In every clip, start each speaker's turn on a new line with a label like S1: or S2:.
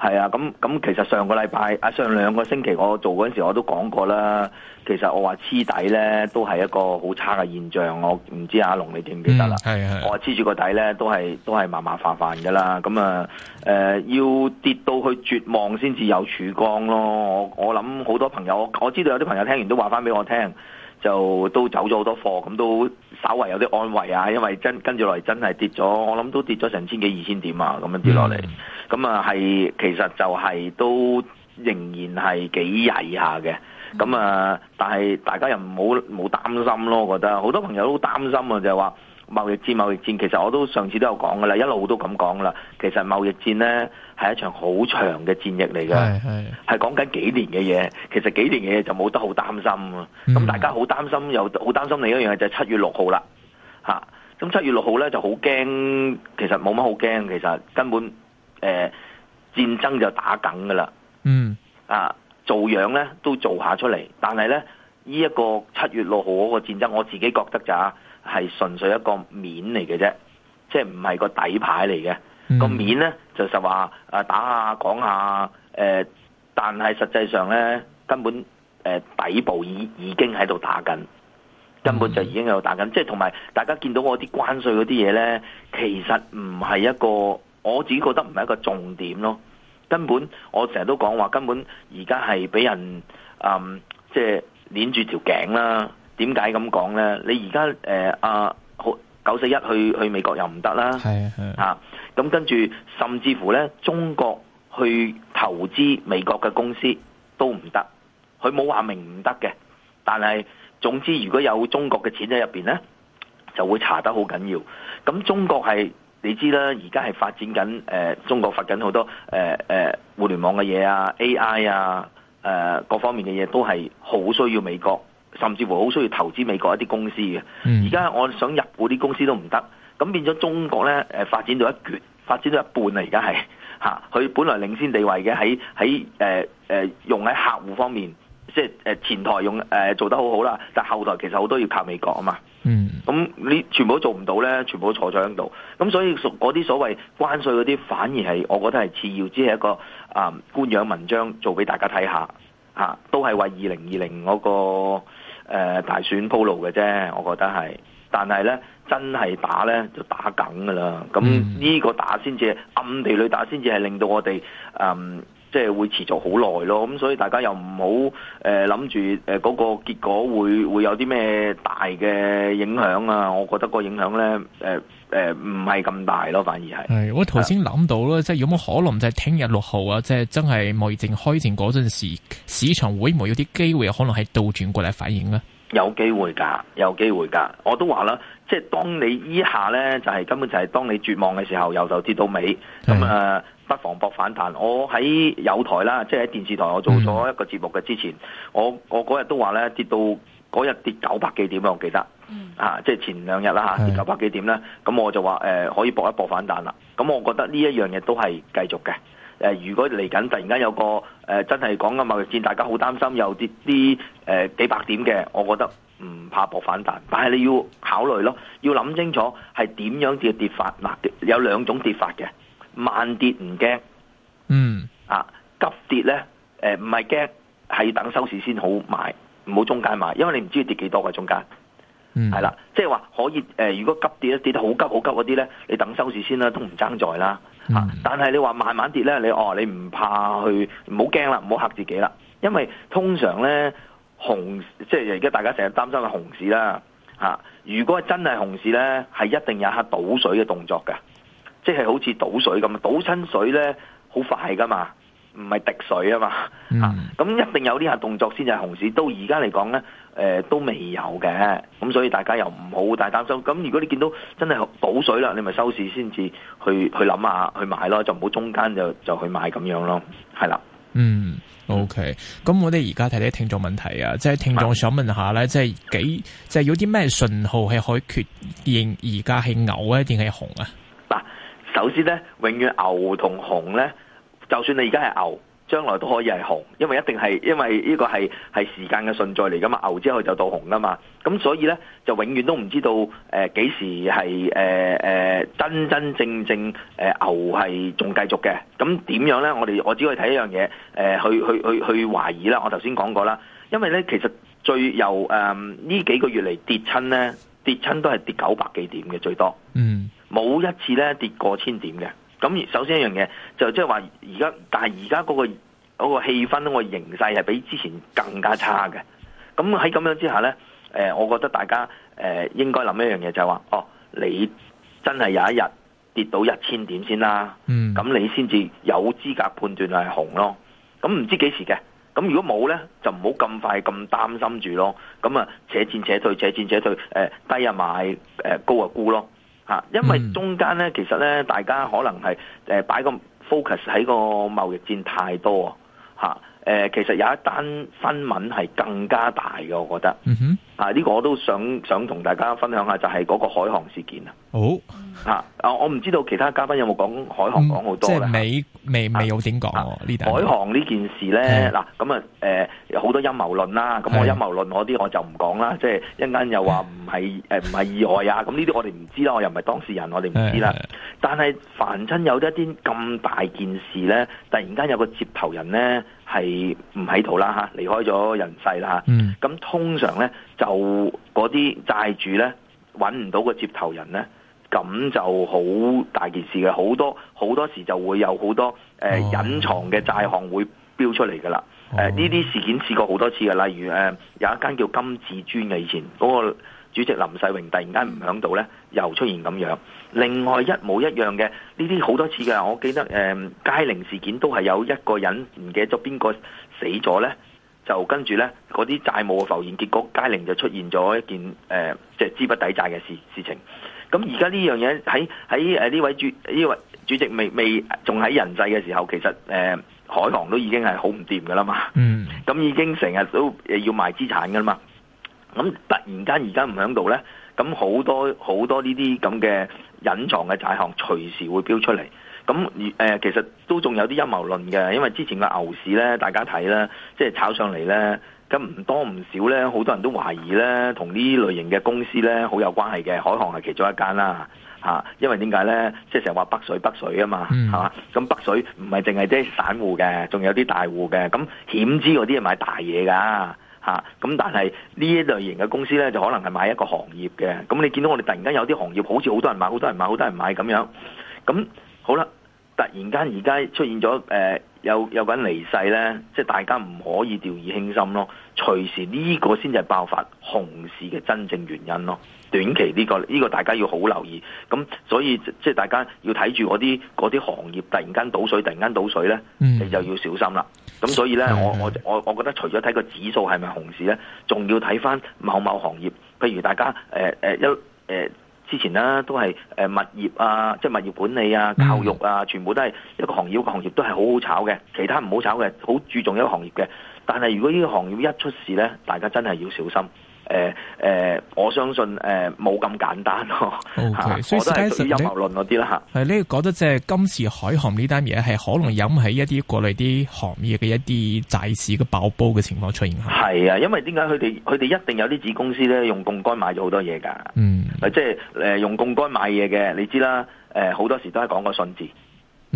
S1: 係啊，咁咁其實上個禮拜啊，上兩個星期我做嗰陣時，我都講過啦。其實我話黐底呢，都係一個好差嘅現象。我唔知阿龍你記唔記得啦？嗯、我話黐住個底呢，都係都係麻麻煩煩噶啦。咁啊，誒、呃，要跌到去絕望先至有曙光咯。我我諗好多朋友，我知道有啲朋友聽完都話翻俾我聽。就都走咗好多貨，咁都稍為有啲安慰啊，因為真跟住落嚟真係跌咗，我諗都跌咗成千幾二千點啊，咁樣跌落嚟，咁、mm. 啊係其實就係、是、都仍然係幾曳下嘅，咁啊但係大家又唔好冇擔心咯，我覺得好多朋友都好擔心啊，就係、是、話。貿易戰，貿易戰，其實我都上次都有講㗎啦，一路都咁講啦。其實貿易戰呢係一場好長嘅戰役嚟嘅，係講緊幾年嘅嘢。嗯、其實幾年嘅嘢就冇得好擔心。咁大家好擔心，又好、嗯、擔心另一樣嘢就係七月六號啦。嚇、啊！咁七月六號呢就好驚，其實冇乜好驚。其實根本誒、呃、戰爭就打緊㗎啦。嗯。啊，做樣呢都做下出嚟，但係呢，呢、這、一個七月六號嗰個戰爭，我自己覺得咋、就是。係純粹一個面嚟嘅啫，即係唔係個底牌嚟嘅。個、嗯、面呢，就實話啊，打下講下誒、呃，但係實際上呢，根本、呃、底部已已經喺度打緊，根本就已經喺度打緊。嗯、即係同埋大家見到我啲關稅嗰啲嘢呢，其實唔係一個，我自己覺得唔係一個重點咯。根本我成日都講話，根本而家係俾人、嗯、即係捻住條頸啦。點解咁講呢？你而家誒阿好九四一去去美國又唔得啦，嚇咁係啊、啊、跟住甚至乎呢，中國去投資美國嘅公司都唔得，佢冇話明唔得嘅，但係總之如果有中國嘅錢喺入邊呢，就會查得好緊要。咁中國係你知啦，而家係發展緊誒、呃、中國發緊好多誒誒、呃呃、互聯網嘅嘢啊，AI 啊誒、呃、各方面嘅嘢都係好需要美國。甚至乎好需要投資美國一啲公司嘅，而家我想入嗰啲公司都唔得，咁變咗中國咧誒發展到一厥，發展到一，發展到一半啦，而家係嚇，佢本來領先地位嘅，喺喺誒誒用喺客戶方面，即係誒前台用誒、呃、做得好好啦，但後台其實好多要靠美國啊嘛，嗯，咁你全部都做唔到咧，全部都坐咗喺度，咁所以所嗰啲所謂關稅嗰啲，反而係我覺得係次要之，只係一個啊、呃、官樣文章，做俾大家睇下嚇，都係為二零二零嗰個。誒、呃，大選鋪路嘅啫，我覺得係，但係咧真係打咧就打梗噶啦，咁呢個打先至暗地裏打先至係令到我哋，誒。嗯即係會持續好耐咯，咁所以大家又唔好誒諗住誒嗰個結果會會有啲咩大嘅影響啊？我覺得個影響咧誒誒唔係咁大咯，反而係。
S2: 係我頭先諗到啦，是的 即係有冇可能就係聽日六號啊，即係真係貿易戰開戰嗰陣時，市場會唔會有啲機會可能係倒轉過嚟反應咧？
S1: 有機會噶，有機會噶，我都話啦。即係當你依下咧，就係、是、根本就係當你絕望嘅時候，由頭跌到尾，咁啊是、呃、不妨搏反彈。我喺友台啦，即係喺電視台，我做咗一個節目嘅之前，嗯、我我嗰日都話咧跌到嗰日跌九百幾點啦，我記得、嗯、啊，即係前兩日啦跌九百幾點啦，咁是我就話、呃、可以搏一搏反彈啦。咁我覺得呢一樣嘢都係繼續嘅、呃。如果嚟緊突然間有個誒、呃、真係講緊貿易戰，大家好擔心又跌啲、呃、幾百點嘅，我覺得。唔怕搏反彈，但係你要考慮咯，要諗清楚係點樣跌。跌法。嗱、啊，有兩種跌法嘅，慢跌唔驚，嗯啊急跌咧，誒唔係驚，係等收市先好買，唔好中間買，因為你唔知跌幾多嘅中間。嗯，係啦，即係話可以、呃、如果急跌一跌得好急好急嗰啲咧，你等收市先啦，都唔爭在啦、嚇、但係你話慢慢跌咧，你哦你唔怕去，唔好驚啦，唔好嚇自己啦，因為通常咧。熊即係而家大家成日擔心嘅熊市啦嚇、啊，如果真係熊市呢，係一定有下倒水嘅動作嘅，即係好似倒水咁倒親水呢，好快噶嘛，唔係滴水嘛啊嘛嚇，咁、嗯啊、一定有呢下動作先至係熊市。到而家嚟講呢，誒、呃、都未有嘅，咁所以大家又唔好太擔心。咁如果你見到真係倒水啦，你咪收市先至去去諗下去買咯，就唔好中間就就去買咁樣咯，係啦。
S2: 嗯，OK，咁我哋而家睇睇聽眾問題啊，即係聽眾想問下咧，即係幾，即係有啲咩信號係可以確認而家係牛啊定係熊啊？嗱，
S1: 首先咧，永遠牛同熊咧，就算你而家係牛。將來都可以係紅，因為一定係因為呢個係係時間嘅順序嚟噶嘛，牛之後就到紅噶嘛，咁所以呢，就永遠都唔知道誒幾、呃、時係誒誒真真正正誒、呃、牛係仲繼續嘅，咁點樣呢？我哋我只可以睇一樣嘢誒，去去去去懷疑啦。我頭先講過啦，因為呢，其實最由誒呢、呃、幾個月嚟跌親呢，跌親都係跌九百幾點嘅最多，嗯，冇一次呢跌過千點嘅。咁首先一樣嘢就即係話，而家但係而家嗰個嗰個氣氛，嗰個形勢係比之前更加差嘅。咁喺咁樣之下咧，誒，我覺得大家誒應該諗一樣嘢就係話，哦，你真係有一日跌到一千點先啦，咁，嗯，你先至有資格判斷係紅咯。咁唔知幾時嘅？咁如果冇咧，就唔好咁快咁擔心住咯。咁啊，且戰且退，且戰且退。誒，低啊買，誒高啊沽咯。吓，因為中間咧，其實咧，大家可能係誒擺個 focus 喺個貿易戰太多啊，吓。誒，其實有一單新聞係更加大嘅，我覺得。嗯哼，啊，呢個我都想想同大家分享下，就係嗰個海航事件啊。好，啊，啊，我唔知道其他嘉賓有冇講海航講好多咧？即係
S2: 未未未有點
S1: 講，海航呢件事呢，嗱，咁啊，誒，有好多陰謀論啦。咁我陰謀論嗰啲我就唔講啦。即係一陣間又話唔係誒唔係意外啊。咁呢啲我哋唔知啦，我又唔係當事人，我哋唔知啦。但係凡親有一啲咁大件事呢，突然間有個接頭人呢，係唔喺度啦嚇，離開咗人世啦嚇、嗯、咁通常咧，就嗰啲債主咧，揾唔到個接頭人咧，咁就好大件事嘅。好多好多時就會有好多誒、呃、隱藏嘅債項會飆出嚟㗎啦。誒呢啲事件試過好多次嘅，例如誒有一間叫金至尊嘅以前嗰、嗰個主席林世榮突然間唔響度呢，又出現咁樣。另外一模一樣嘅呢啲好多次嘅，我記得誒、呃，佳寧事件都係有一個人唔記得咗邊個死咗呢，就跟住呢嗰啲債務嘅浮現，結果佳寧就出現咗一件誒即係資不抵債嘅事事情。咁而家呢樣嘢喺喺呢位主呢位主席未未仲喺人世嘅時候，其實誒、呃、海航都已經係好唔掂噶啦嘛，
S3: 嗯，
S1: 咁已經成日都要賣資產噶啦嘛。咁突然間而家唔喺度咧，咁好多好多呢啲咁嘅隱藏嘅債項隨時會飆出嚟。咁、呃、其實都仲有啲陰謀論嘅，因為之前個牛市咧，大家睇咧，即係炒上嚟咧，咁唔多唔少咧，好多人都懷疑咧，同呢類型嘅公司咧好有關係嘅。海航係其中一間啦、啊，因為點解咧？即係成日話北水北水啊嘛，嘛、嗯？咁、啊、北水唔係淨係即係散戶嘅，仲有啲大戶嘅。咁險資嗰啲係買大嘢㗎、啊。咁、吓、但係呢一類型嘅公司呢，就可能係買一個行業嘅。咁你見到我哋突然間有啲行業好似好多人買，好多人買，好多人買咁樣。咁好啦，突然間而家出現咗、呃、有有個人離世呢，即係大家唔可以掉以輕心咯。隨時呢個先至係爆發熊市嘅真正原因咯，短期呢個呢個大家要好留意，咁所以即係大家要睇住嗰啲嗰啲行業，突然間倒水，突然間倒水呢，你就要小心啦。咁所以呢，我我我覺得除咗睇個指數係咪熊市呢，仲要睇翻某某行業，譬如大家誒誒一誒之前啦，都係、呃、物業啊，即係物業管理啊、教育啊，全部都係一個行業，一個行業都係好好炒嘅，其他唔好炒嘅，好注重一個行業嘅。但係如果呢個行業一出事呢，大家真係要小心。誒、呃、誒、呃，我相信誒冇咁簡單咯。所以都係屬於陰謀論嗰啲啦。嚇，
S2: 係你覺得即係今次海航呢單嘢係可能引起一啲國內啲行業嘅一啲債市嘅爆煲嘅情況出現。
S1: 係啊，因為點解佢哋佢哋一定有啲子公司呢？用槓桿買咗好多嘢㗎。嗯，即係用槓桿買嘢嘅，你知啦。好多時都係講個信字。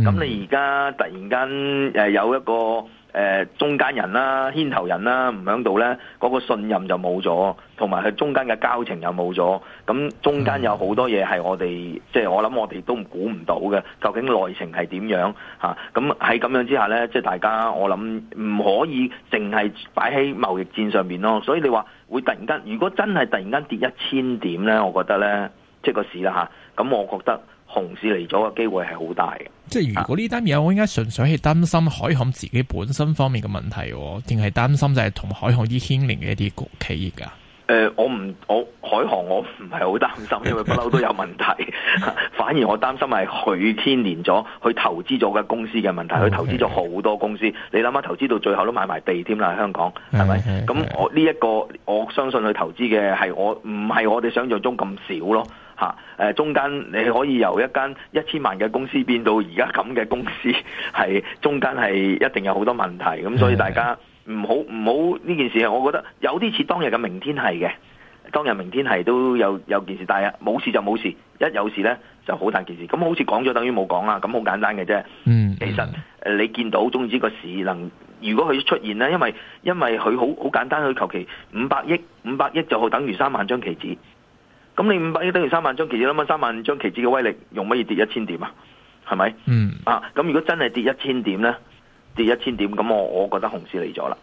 S1: 咁、嗯、你而家突然間有一個。誒、呃、中間人啦、啊、牽頭人啦、啊，唔響度呢嗰、嗰個信任就冇咗，同埋佢中間嘅交情又冇咗。咁中間有好多嘢係我哋，即係我諗我哋都估唔到嘅，究竟內情係點樣嚇？咁喺咁樣之下呢，即係大家我諗唔可以淨係擺喺貿易戰上面咯。所以你話會突然間，如果真係突然間跌一千點呢，我覺得呢，即係個市啦嚇。咁、啊、我覺得。熊市嚟咗嘅機會係好大嘅。
S2: 即係如果呢單嘢，我應該純粹係擔心海航自己本身方面嘅問題，定係擔心就係同海航依牽連嘅一啲企
S1: 業㗎？誒、呃，我唔，我海航我唔係好擔心，因為不嬲都有問題， 反而我擔心係佢牽連咗，佢投資咗嘅公司嘅問題，佢 Okay. 投資咗好多公司，你諗下投資到最後都買埋地添啦，香港係咪？咁我呢一、這個我相信佢投資嘅係我，唔係我哋想象中咁少咯。啊、中間你可以由一間一千萬嘅公司變到而家咁嘅公司是，係中間係一定有好多問題，咁所以大家唔好唔好呢件事，我覺得有啲似當日嘅明天係嘅，當日明天係都有有件事，但係冇事就冇事，一有事呢就好大件事，咁好似講咗，等於冇講啦，咁好簡單嘅啫。其實你見到總之個事能，如果佢出現呢，因為因為佢好好簡單，佢求其五百億，五百億就好，等於三萬張期指。咁你五百億等於三萬張期指，諗三萬張期指嘅威力用乜嘢跌一千點、嗯、啊？係咪？嗯。啊，咁如果真係跌一千點咧，跌一千點，咁我我覺得熊市嚟咗啦。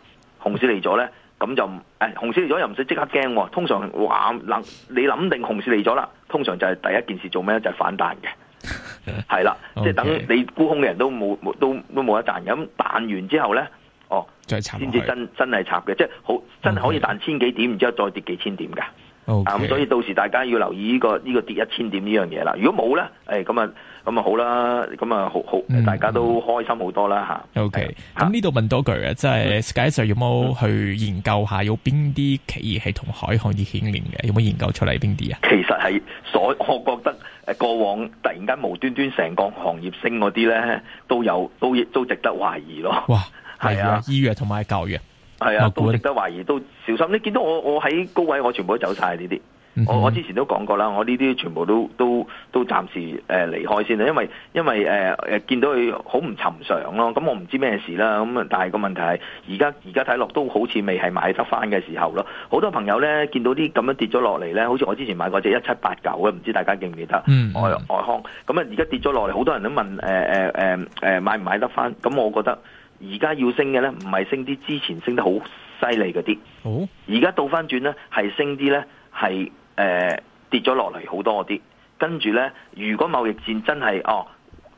S1: 熊市嚟咗咧，咁就誒熊、哎、市嚟咗又唔使即刻驚喎。通常你諗定熊市嚟咗啦，通常就係第一件事做咩就係反彈嘅，係啦，即係等你沽空嘅人都冇冇都都冇得彈咁彈完之後咧，哦，先至真真係插嘅，即係好真係可以彈千幾點，Okay. 然之後再跌幾千點噶。咁 Okay,、嗯，所以到時大家要留意呢、這個呢、這個跌一千點呢樣嘢啦。如果冇咧，誒咁啊咁啊好啦，咁啊好好，好，大家都開心好多啦吓。
S3: O
S2: K，咁呢度問多句啊，即、就、係、是、Sky Sir 有冇去研究一下有邊啲企業係同海航啲牽連嘅？有冇研究出嚟邊啲啊？
S1: 其實係所，我覺得過往突然間無端端成個行業升嗰啲咧，都有都亦都值得懷疑咯。哇，係啊的，醫藥同埋教育。2 2係啊，都值得懷疑，都小心。你見到我，我喺高位，我全部都走晒呢啲。Mm hmm. 我我之前都講過啦，我呢啲全部都都都暫時誒、呃、離開先啦，因為因為誒誒、呃、見到佢好唔尋常咯。咁、嗯、我唔知咩事啦。咁啊，但係個問題係而家而家睇落都好似未係買得返嘅時候咯。好多朋友咧見到啲咁樣跌咗落嚟咧，好似我之前買過隻一七八九嘅，唔知大家記唔記得？Mm hmm. 外外康咁啊，嗯、而家跌咗落嚟，好多人都問誒誒誒誒買唔買得返？咁我覺得。而家要升嘅咧，唔係升啲之前升得好犀利嗰啲，
S3: 而
S1: 家、哦、倒翻轉咧係升啲咧係誒跌咗落嚟好多嗰啲，跟住咧，如果貿易戰真係哦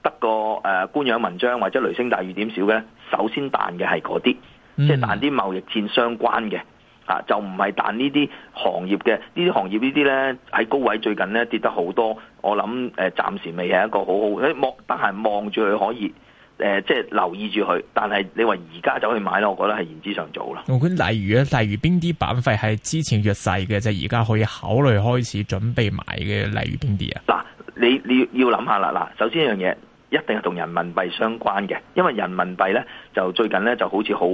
S1: 得個誒官樣文章或者雷聲大雨點小嘅，首先彈嘅係嗰啲，即係彈啲貿易戰相關嘅啊，就唔係彈呢啲行業嘅呢啲行業這些呢啲咧喺高位最近咧跌得好多，我諗誒暫時未係一個好好，你望得閒望住佢可以。誒、呃，即係留意住佢，但係你話而家走去買咧，我覺得係言之尚早咯。
S2: 我例如例如邊啲板塊係之前弱勢嘅，就而家可以考慮開始準備買嘅，例如邊啲啊？嗱，
S1: 你你要諗下啦，嗱，首先一樣嘢，一定係同人民幣相關嘅，因為人民幣咧就最近咧就好似好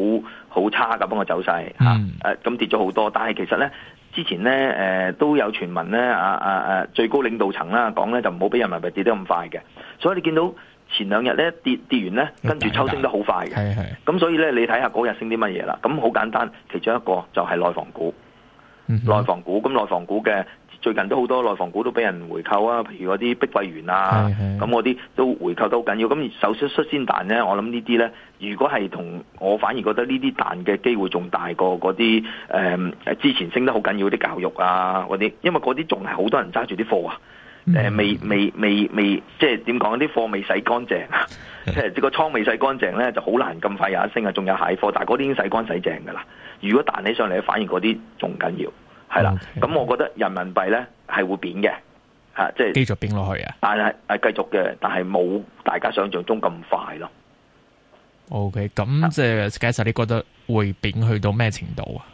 S1: 好差咁，幫我走勢
S3: 吓，
S1: 咁、嗯啊、跌咗好多。但係其實咧，之前咧，誒、呃，都有傳聞咧，啊啊最高領導層啦講咧，就唔好俾人民幣跌得咁快嘅，所以你見到。前兩日咧跌跌完咧，跟住抽升得好快嘅，咁所以咧你睇下嗰日升啲乜嘢啦？咁好簡單，其中一個就係內房股，內、嗯、哼房股咁內房股嘅最近都好多內房股都俾人回購啊，譬如嗰啲碧桂園啊，咁嗰啲都回購都好緊要。咁首先率先彈咧，我諗呢啲咧，如果係同我反而覺得呢啲彈嘅機會仲大過嗰啲誒之前升得好緊要啲教育啊嗰啲，因為嗰啲仲係好多人揸住啲貨啊。誒、嗯，未未未未，即係點講？啲貨未洗乾淨，即係個倉未洗乾淨咧，就好難咁快有一升啊！仲有蟹貨，但係嗰啲已經洗乾洗淨噶啦。如果彈起上嚟，反而嗰啲仲緊要，係啦。咁 Okay，我覺得人民幣咧係會貶嘅，吓即係繼續貶落去啊！但係、啊、繼續嘅，但係冇大家想象中咁快咯。
S2: OK，咁即係 guess 下你覺得會貶去到咩程度啊？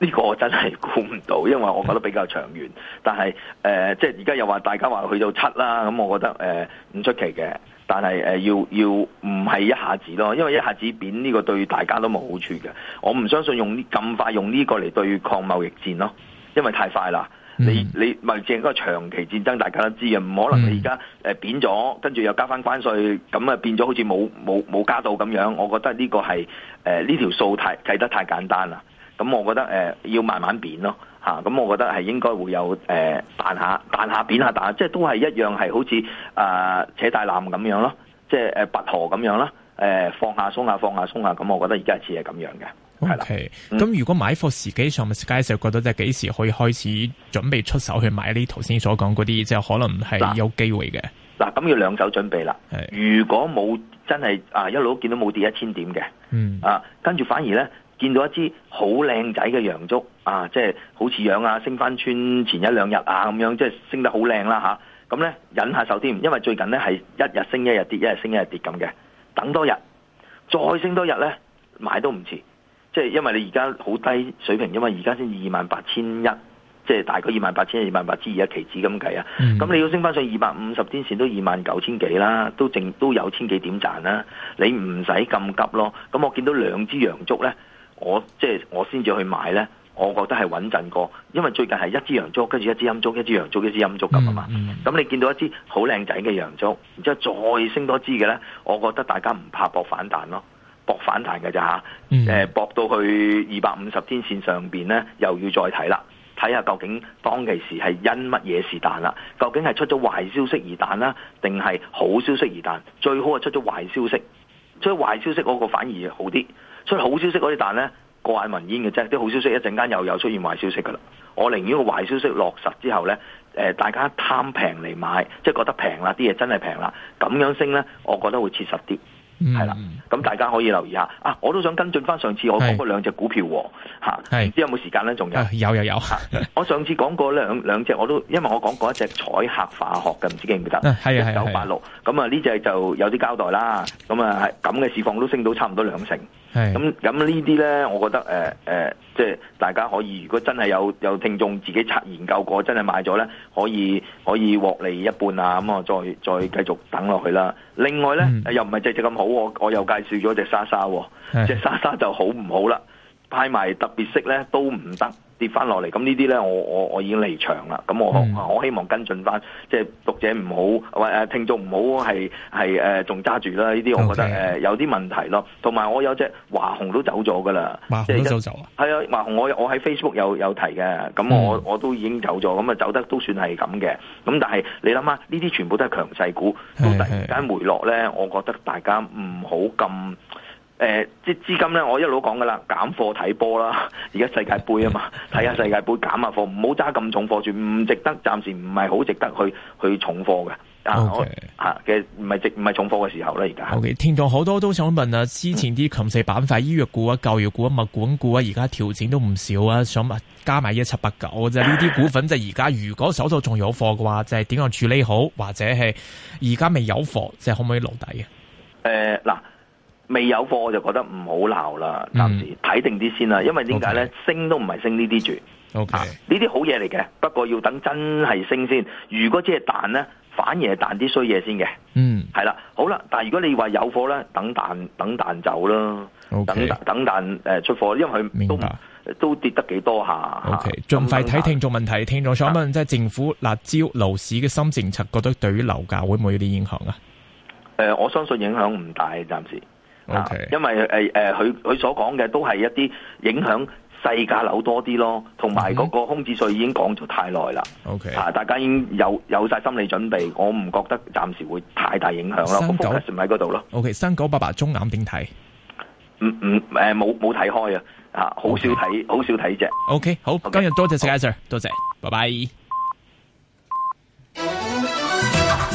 S1: 呢個我真係估唔到，因為我覺得比較長遠。但係誒、呃，即係而家又話大家話去到七啦，咁我覺得誒唔出奇嘅。但係、呃、要要唔係一下子咯，因為一下子貶呢個對大家都冇好處嘅。我唔相信用咁快用呢個嚟對抗貿易戰咯，因為太快啦、嗯。你你咪正個長期戰爭，大家都知嘅，唔可能你而家貶咗，跟住又加翻關稅，咁啊變咗好似冇冇冇加到咁樣。我覺得呢個係誒呢條數太計得太簡單啦。咁我覺得誒、呃、要慢慢變咯嚇，咁、啊、我覺得係應該會有誒彈、呃、下彈下變下彈下，即係都係一樣係好似啊、呃、扯大纜咁樣咯，即係誒拔河咁樣啦誒、呃、放下鬆下放下鬆下，咁我覺得而家似係咁樣嘅。
S2: O K，咁如果買貨時機上，咪介時覺得即係幾時可以開始準備出手去買呢？頭先所講嗰啲即係可能係有機
S1: 會嘅。嗱、啊，咁、啊、要兩手準備啦。是如果冇真係啊一路都見到冇跌一千點嘅，嗯啊，跟住反而咧。見到一支好靚仔嘅陽燭，啊，即係好似樣啊，升翻穿前一兩日啊咁樣，即係升得好靚啦吓，咁、啊、呢忍下手添，因為最近呢係一日升一日跌，一日升一日跌咁嘅。等多日，再升多日呢，買都唔遲。即係因為你而家好低水平，因為而家先二萬八千一，即係大概二萬八千二萬八千二，家期指咁計啊。咁你要升翻上二百五十天線都二萬九千幾啦，都淨都有千幾點賺啦。你唔使咁急咯。咁我見到兩支陽燭呢。我即係我先至去買呢，我覺得係穩陣過，因為最近係一支陽燭跟住一支陰燭，一支陽燭一支陰燭咁啊嘛。咁、嗯嗯、你見到一支好靚仔嘅陽燭，然之後再升多支嘅呢，我覺得大家唔怕搏反彈咯，搏反彈嘅咋吓，搏博、嗯呃、到去二百五十天線上面呢，又要再睇啦，睇下究竟當其時係因乜嘢事彈啦？究竟係出咗壞消息而彈啦，定係好消息而彈？最好係出咗壞消息，出咗壞消息嗰個反而好啲。所以好消息嗰啲，但呢，咧過眼雲煙嘅啫。啲好消息一陣間又有出現壞消息㗎啦。我寧願個壞消息落實之後咧、呃，大家貪平嚟買，即係覺得平啦，啲嘢真係平啦，咁樣升咧，我覺得會切實啲，係、嗯、啦。咁大家可以留意下啊，我都想跟進返上次我講過兩隻股票喎，係是，唔、啊、知有冇時間咧？仲有、啊、有有有、啊，我上次講過兩,兩隻，我都因為我講過一隻彩客化學嘅，唔知記唔記得？係九八六，咁啊呢隻就有啲交代啦，咁啊咁嘅市況都升到差唔多兩成。係咁咁呢啲咧，我覺得誒誒、呃呃，即係大家可以，如果真係有有聽眾自己測研究過，真係買咗咧，可以可以獲利一半啊！咁啊，再再繼續等落去啦。另外咧，嗯、又唔係隻隻咁好，我我又介紹咗隻莎莎,沙、喎，是隻莎莎就好唔好啦。派埋特別色咧都唔得。跌翻落嚟，咁呢啲咧，我我我已經離場啦。咁我、嗯、我希望跟進翻，即係讀者唔好喂聽眾唔好係係仲揸住啦。呢啲、呃、我覺得 Okay.、呃、有啲問題咯。同埋我有隻華虹都走咗噶啦，華虹都走走啊，係啊，華虹我我喺 Facebook 有有提嘅，咁我、嗯、我都已經走咗，咁啊走得都算係咁嘅。咁但係你諗下，呢啲全部都係強勢股，
S3: 的都突然間
S1: 回落咧，我覺得大家唔好咁。誒，即資金咧，我一路講噶啦，減貨睇波啦。而家世界杯啊嘛，睇下世界杯減下貨，唔好揸咁重貨住，唔值得，暫時唔係好值得去去重貨嘅。吓嘅唔係值唔係重貨嘅時候咧，而家。Okay.
S2: 聽眾好多都想問啊，之前啲強勢板塊、醫藥股啊、教育股啊、物管股啊，而家調整都唔少啊，想加埋一七八九，就呢啲股份就而家如果手頭仲有貨嘅話，就係點樣處理好，或者係而家未有貨，即係可唔可以留底
S1: 嘅？誒、呃，嗱。未有貨，我就覺得唔好鬧啦，暫時睇定啲先啦。嗯、因為點解咧，Okay. 升都唔係升呢啲住，OK，呢啲、啊、好嘢嚟嘅。不過要等真係升先。如果只係彈咧，反而係彈啲衰嘢先嘅。
S3: 嗯，
S1: 係啦，好啦。但如果你話有貨咧，等彈等彈走啦。OK，等等彈誒出貨，因為佢都白都跌得幾多下，下。OK，盡快睇聽
S2: 眾問題。聽眾想問、啊、即係政府辣招樓市嘅新政策，覺得對於樓價會唔會有啲影響啊、
S1: 呃？我相信影響唔大，暫時。Okay. 因為誒誒，佢、呃、佢所講嘅都係一啲影響細價樓多啲咯，同埋嗰個空置稅已經講咗太耐啦。啊，Okay. 大家已經有有晒心理準備，我唔覺得暫時會太大影響啦。三九喺嗰度咯。O K，okay. 三九
S2: 八八，中銀點睇？
S1: 唔唔、嗯，誒、嗯，冇冇睇開啊！啊，好 Okay. 少睇，好少睇啫。O K，好，今
S2: 日多謝晒，佳 Sir，Okay. 多謝，拜拜。